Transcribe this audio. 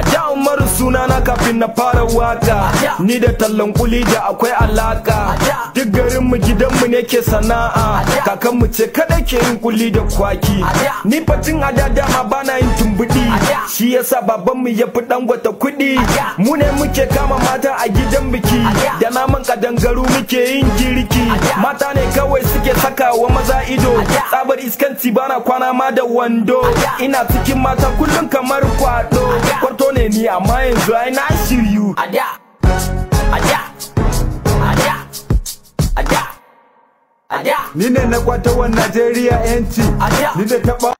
a da umaru suna na kafin na fara waka ni da tallan kuli da akwai alaka duk garin mu gidan mu ne ke sana'a kakan mu ce kada ke yin kuli da kwaki ni fatin a ma dama bana yin tumbudi shi yasa baban mu ya fi dan gwata kudi mu ne muke kama mata a gidan biki da naman kadangaru muke yin girki mata ne kawai suke saka wa maza ido tsabar iskanci bana kwana ma da wando ina cikin mata kullum kamar kwado enemy am I enjoying I see you Adia Adia Adia Adia Adia Nine na kwata wa Nigeria NT Adia Nine taba